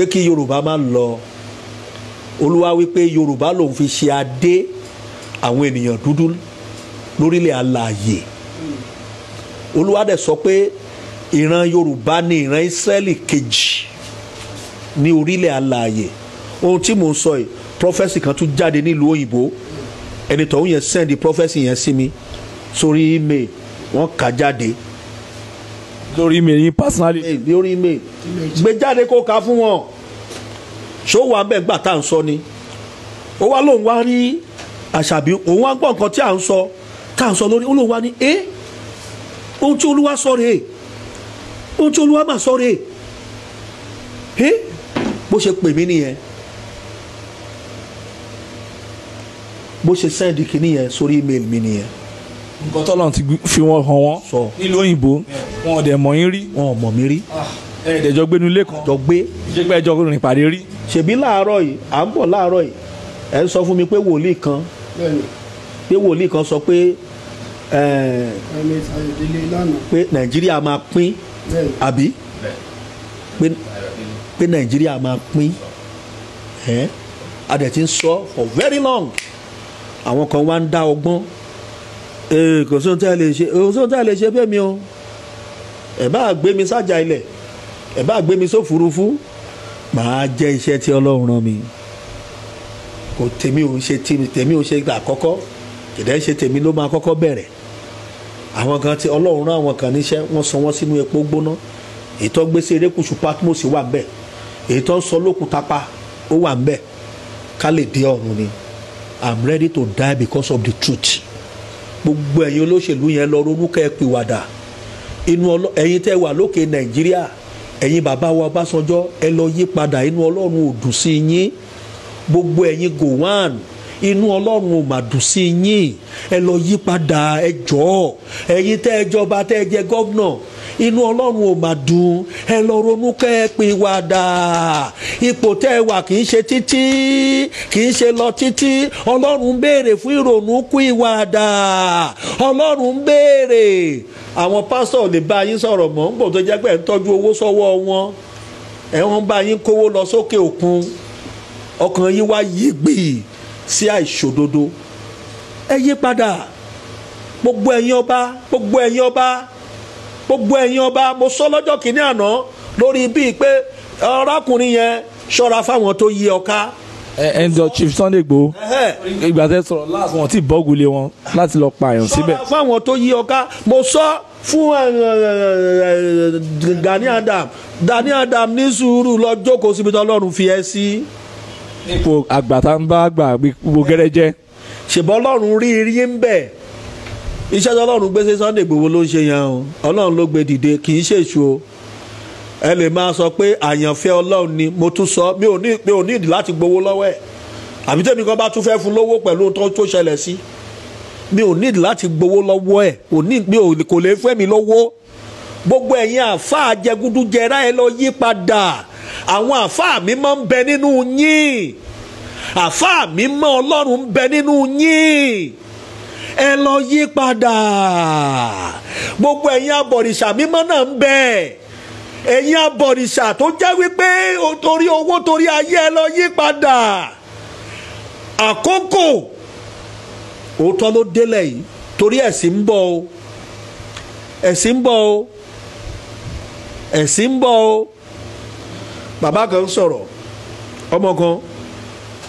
pé kí yorùbá má lọ olúwa wípé yorùbá lòun fi ṣe adé àwọn ènìyàn dúdú lórílẹ̀ alààyè olúwa dẹ̀ sọ pé ìran yorùbá ni ìran israẹli kejì ní orílẹ̀ alààyè ohun tí mò ń sọ yìí prọfẹ́sì kan tún jáde nílùú òyìnbó ẹni tọ̀hún yẹn sẹ́ndì prọfẹ́sì yẹn sí mi sórí email wọ́n kà jáde lórí email yín personally. lórí email gbé jáde kó ka fún wọn ṣó wà bẹ́ẹ̀ gbà tá à ń sọ ni ó wá lóun wá rí àṣàbí òun wá gbọ́ nǹkan tí à ń sọ tá à ń sọ lórí ó lóun wá ní ẹ́ eh? ohun tí olúwa sọ rèé ohun tí olúwa mà sọ rèé ẹ́ eh? bó ṣe pè mí nìyẹn bó ṣe sẹ́ndì kìíní sórí email mi nìyẹn. nǹkan tọ́lọ́run ti fi wọ́n hàn wọ́n nílùú òyìnbó wọn ò dẹ̀ mọ̀ yín rí. wọn ò mọ̀ mí rí. Ah, ẹ ẹ̀ dẹ̀jọ́ gbénu ilé kan. jọ gbé. ṣé pé ẹjọ́ rìn pàdé rí. ṣèbí láàárọ̀ yìí à ń bọ̀ láàárọ̀ yìí ẹ̀ ń sọ fún mi pé wòlíì kan pé wòlíì kan sọ pé pé nàìjíríà máa pín àbí pé nàìjíríà máa pín a ti ń sọ for very long àwọn kan wá ń dá ọgbọ́n kò sóhun tí a lè ṣe kò sóhun tí a lè ṣe bẹ́ẹ̀ mi o ẹ bá gbé mi sájà ilẹ̀ ẹ bá gbé mi sófurufú màá jẹ́ iṣẹ́ tí ọlọ́run rán mi kò tèmi ò ṣe tèmi ò ṣe gbà kọ́kọ́ kìdẹ́ ṣe tèmi ló máa kọ́kọ́ bẹ̀rẹ̀ àwọn kan tí ọlọ́run rán àwọn kan níṣẹ́ wọ́n sọ wọ́n sínú epo gbóná ètò gbèsè erékùṣù Patmos wà bẹ́ẹ̀ ètò sọ lókùúta pa ó wà bẹ́ẹ̀ ká lè dé ọ̀run ni i'm ready to die because of the truth gbogbo ẹ̀yin olóṣèlú yẹn lọ ronú kẹ́ ẹ pìwàdà inú ọlọ́ ẹ̀yin tẹ́ wà lókè nàìjíríà ẹ̀yin bàbá wa ọbásanjọ́ ẹ lọ yí padà inú ọlọ́run ò dùn sí yín gbogbo ẹ̀yin gòwán inú ọlọ́run ò mà dùn sí yín ẹ lọ yí padà ẹ jọ̀ọ́ ẹ̀yin tẹ́ ẹ jọba tẹ́ ẹ jẹ gọ́vnọ̀ inú ọlọ́run ò mà dùn ẹ lọ ronú kẹ́ ẹ pè wá dà ipò tẹ́ ẹ wà kì í ṣe títí kì í ṣe lọ títí ọlọ́run ń béèrè fún ìrònú kú ìwà dà ọlọ́run ń béèrè àwọn pásítọ̀ lè bá yín sọ̀rọ̀ mọ́ ń bò tó jẹ́ pé ń tọ́jú owó sọ́wọ́ wọn ẹ̀ wọ́n bá yín kówó lọ sókè òkun ọkàn yín wá yí gbì sí àìṣòdodo ẹ yí padà gbogbo ẹ̀yin ọba gbogbo ẹ̀yin ọba gbogbo ẹ̀yin ọba mo sọ lọ́jọ́ kìíní àná lórí bíi pé ọ̀rákùnrin yẹn ṣọ́ra fáwọn tó yí ọ ká. ẹ ǹjọ Chief Sunday Igboho ìgbà tẹ sọ̀rọ̀ láàfin wọn tí bọ́gùlé wọn láti lọ pààyàn síbẹ̀. ṣọ́ra fáwọn tó yí ọ mo sọ fún Gani Adam Gani Adam ní sùúrù lọ jókòó síbi tó Ọlọ́run fi ẹ́ sí. ipò àgbàtà ń bá àgbà gbogbo gẹ́rẹ́ jẹ́. ṣèbọ́ Ọlọ́run rí irin ń bẹ̀ iṣẹ́ tí ọlọ́run gbé sí Sunday Igboho ló ń ṣe yẹn o ọlọ́run ló gbé dìde kì í ṣèṣù o ẹ lè máa sọ pé àyànfẹ́ ọlọ́run ni mo tún sọ mi ò ní mi ò ní ìdí láti gbowó lọ́wọ́ ẹ̀ àbí tẹ́mi kan bá tún fẹ́ fún lówó pẹ̀lú ohun tó ṣẹlẹ̀ sí mi ò ní ìdí láti gbowó lọ́wọ́ ẹ̀ mi ò kò lè fẹ́ mi lówó gbogbo ẹ̀yin àáfàá jẹgúdújẹrá ẹ lọ yí padà àwọn àáfàá mi máa ń bẹ nínú yín àáfàá mi máa ọlọ́run ń bẹ nínú yín ẹ lọ yí padà gbogbo ẹ̀yin abọ̀rìṣà mímọ́ náà ń bẹ ẹ̀yin abọ̀rìṣà tó jẹ́ wípé torí owó torí ayé ẹ lọ yí padà àkókò òótọ́ ló délẹ̀ yìí torí ẹ̀sìn ń bọ̀ o ẹ̀sìn ń bọ̀ o ẹ̀sìn ń bọ̀ o bàbá kan sọ̀rọ̀ ọmọ kan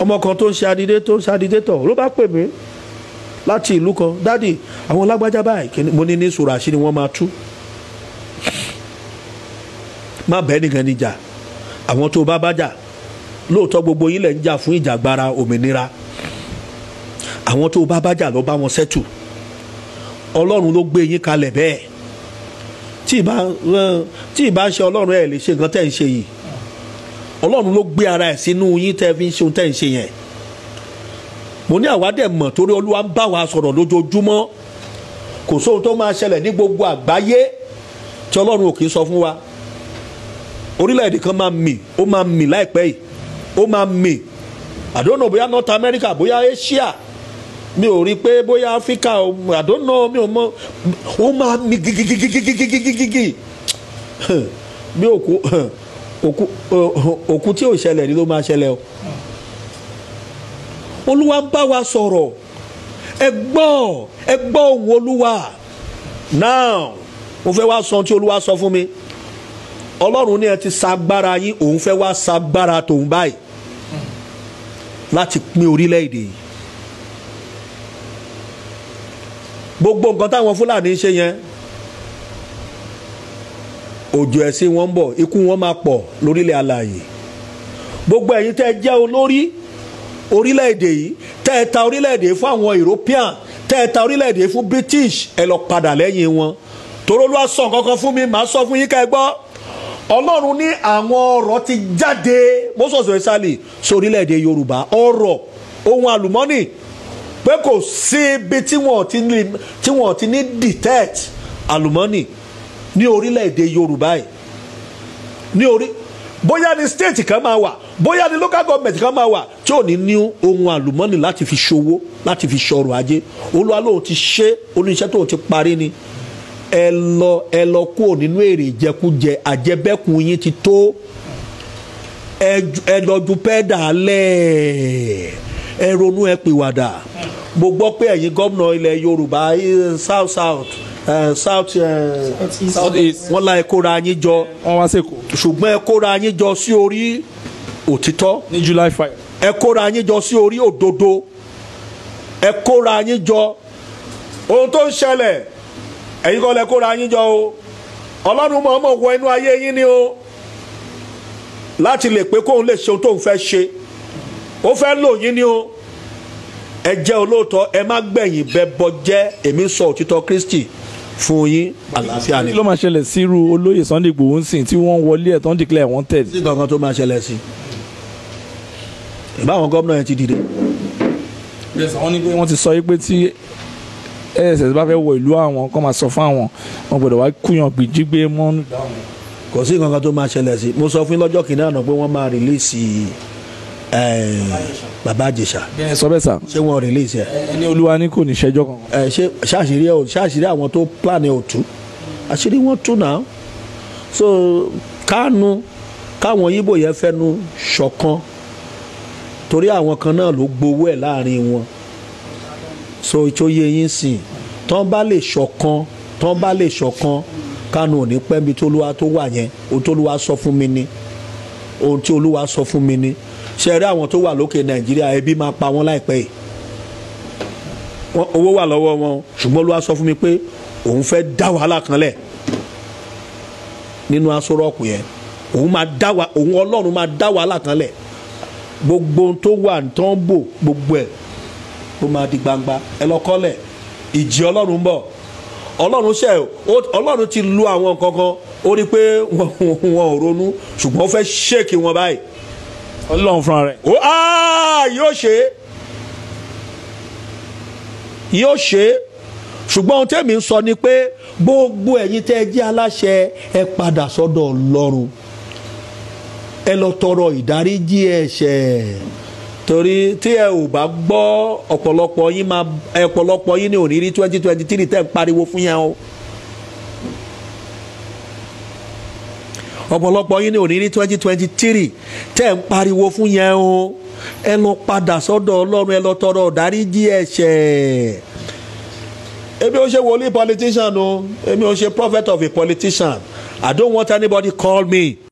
ọmọ kan tó ń ṣe adidé tó ń ṣe adidé tọ̀ ló bá pè mí láti ìlú kan dádì àwọn lágbájá báyìí mo ní ní sùúrù àṣírí wọn máa tú má bẹ́ẹ̀ nìkan níjà àwọn tó bá bá jà lóòótọ́ gbogbo yín lẹ̀ ń jà fún ìjàgbara òmìnira àwọn tó bá bá jà lọ bá wọn sẹ́tù ọlọ́run ló gbé yín kalẹ̀ bẹ́ẹ̀ tí ìbá eh, tí ìbá ṣe ọlọ́run ẹ̀ lè ṣe nǹkan tẹ̀ ń ṣe yìí ọlọ́run ló gbé ara ẹ̀ sínú yín tẹ́ fi ń ṣe ohun tẹ́ ń ṣe yẹn mo ní àwa dẹ̀ mọ̀ torí olúwa ń bá wa sọ̀rọ̀ lójoojúmọ́ kò sóhun tó máa ṣẹlẹ̀ ní gbogbo àgbáyé tí ọlọ́run ò kì í sọ fún wa orílẹ̀-èdè kan máa mì ó máa mì láìpẹ́ yìí ó máa mì I don't know bóyá North America bóyá Asia mi ò rí i pé bóyá Africa I don't know mi ò mọ ó máa mì gigigigigigigigigi bí òkú òkú tí ò ṣẹlẹ̀ ni ló máa ṣẹlẹ̀ o olúwa bá wa sọ̀rọ̀ ẹ gbọ́ ẹ gbọ́ ohùn olúwa now mo fẹ́ wá sọ tí olúwa sọ fún mi ọlọ́run ní ẹ ti sagbára yín òun fẹ́ wá sagbára tòun báyìí láti pín orílẹ̀-èdè yìí gbogbo nǹkan táwọn fúlàní ń ṣe yẹn òjò ẹ̀sìn wọn ń bọ̀ ikú wọn máa pọ̀ lórílẹ̀ alààyè gbogbo ẹ̀yin tẹ́ jẹ́ olórí orílẹ̀-èdè yìí tẹ́ ẹ ta orílẹ̀-èdè fún àwọn European tẹ́ ẹ ta orílẹ̀-èdè fún British ẹ lọ padà lẹ́yìn wọn torólúwa sọ kankan fún mi màá sọ fún yín ká ẹ gbọ́ Ọlọ́run ní àwọn ọ̀rọ̀ ti jáde mọ́sọ̀sọ̀ ìsàlẹ̀ sórílẹ̀-èdè Yorùbá ọ̀rọ̀ ohun àlùmọ́nì pé kò sí ibi tí wọ́n ti ní detect àlùmọ́nì ní orílẹ̀-èdè Yorùbá yìí ní orí bóyá ni state kan máa wà bóyá ni local government kan máa wà tí ò ní ní ohun àlùmọ́nì láti fi ṣòwò láti fi ṣọrọ̀ ajé olúwa lóun ti ṣe oníṣẹ́ tóun ti parí ni ẹ lọ ẹ lọ kúrò nínú èrè ìjẹkújẹ àjẹbẹ́kùn yín ti tó ẹ lọ ju pẹ́ẹ́dà lẹ̀ ẹ ronú ẹ pìwàdà mo gbọ́ pé ẹ̀yin gómìnà ilẹ̀ Yorùbá eh, south south Eh, south eh, south east wọ́n la ẹ̀kọ́ra yín jọ wọ́n wá sẹ́kọ̀ ṣùgbọ́n ẹ̀kọ́ra yín jọ sí orí òtítọ́ ní july five ẹ̀kọ́ra yín jọ sí orí òdodo ẹ̀kọ́ra yín jọ ohun tó ń ṣẹlẹ̀ ẹ̀yin kọ́ lẹ́kọ́ra yín jọ o ọlọ́run mọ̀ọ́mọ̀ wọ inú ayé yín ni o láti lè pé kóun lè ṣe ohun tóun fẹ́ ṣe ó fẹ́ lò yín ni o ẹ jẹ́ olóòótọ́ ẹ má gbẹ̀yìn bẹ bọ jẹ́ èmi sọ òtítọ́ Kristi fún yín àlàáfíà ni. ló máa ṣẹlẹ̀ sírú olóyè Sunday Igboho ń sìn tí wọ́n wọlé ẹ̀ tó ń declare wanted. sí kankan tó máa ṣẹlẹ̀ sí ìbáwọn gómìnà yẹn ti dìde. wọ́n ti sọ yí pé tí ss bá fẹ́ wọ ìlú àwọn kọ́ máa sọ fún àwọn wọn gbọ́dọ̀ wá kúyàn gbìjígbé mọ́nú. kò sí kankan tó máa ṣẹlẹ̀ sí mo sọ fún yín lọ́jọ́ kìnínní àná pé wọ́n máa rìlíìsì baba àjèṣà. bẹ́ẹ̀ sọ bẹ́ẹ̀ sà. ṣé wọn release ẹ. ẹni olúwa ni kò ní ṣẹjọ́ kan. ẹ ṣe ṣáàṣìírí ẹ o ṣáàṣìírí àwọn tó plan ẹ ò tú àṣírí wọn tú náà so kánú káwọn yíbò yẹn fẹnu ṣọ̀kan torí àwọn kan náà ló gbowó ẹ láàrin wọn so ìtòyè yín sìn tán bá lè ṣọ̀kan tán bá lè ṣọ̀kan kánú ò ní pẹ́ bí tólúwa tó wà yẹn ohun tólúwa sọ fún mi ni ohun tí olúwa sọ fún mi ni ṣe rí àwọn tó wà lókè nàìjíríà ebi máa pa wọn láìpẹ́ yìí owó wà lọ́wọ́ wọn ṣùgbọ́n ló wá sọ fún mi pé òun fẹ́ dá wàhálà kan lẹ̀ nínú aṣọ yẹn òun máa dá wa òun ọlọ́run máa dá wàhálà kan lẹ̀ gbogbo tó wà tó ń bò gbogbo ẹ̀ ó máa di gbangba ẹ lọ kọ́lẹ̀ ìjì ọlọ́run ń bọ̀ ọlọ́run ṣe ọlọ́run ti lu àwọn kankan ó rí i pé wọn ò ronú ṣùgbọ́n ó fẹ́ ṣèkì wọn báyìí ọlọ́run fúnra rẹ̀. ó ah, yóò ṣe yóò ṣe ṣùgbọ́n ohun tẹ́mi ń sọ ni pé gbogbo ẹ̀yin tẹ́ ẹ jẹ́ aláṣẹ ẹ padà sọ́dọ̀ ọlọ́run ẹ lọ tọrọ ìdáríjì ẹ̀ṣẹ̀ torí tí ẹ ò bá gbọ́ ọ̀pọ̀lọpọ̀ yín máa ọ̀pọ̀lọpọ̀ yín ni ò rí twenty twenty three tẹ́ ń pariwo fún yẹn o. ọ̀pọ̀lọpọ̀ yín ní òní ní twenty twenty three tẹ́ ń pariwo fún yẹn o ẹ lọ padà sọ́dọ̀ ọlọ́run ẹ lọ tọrọ ìdáríjì ẹ̀ṣẹ̀. èmi ò ṣe wòlíì politician o èmi ò ṣe prophet of a politician I don't want anybody call me.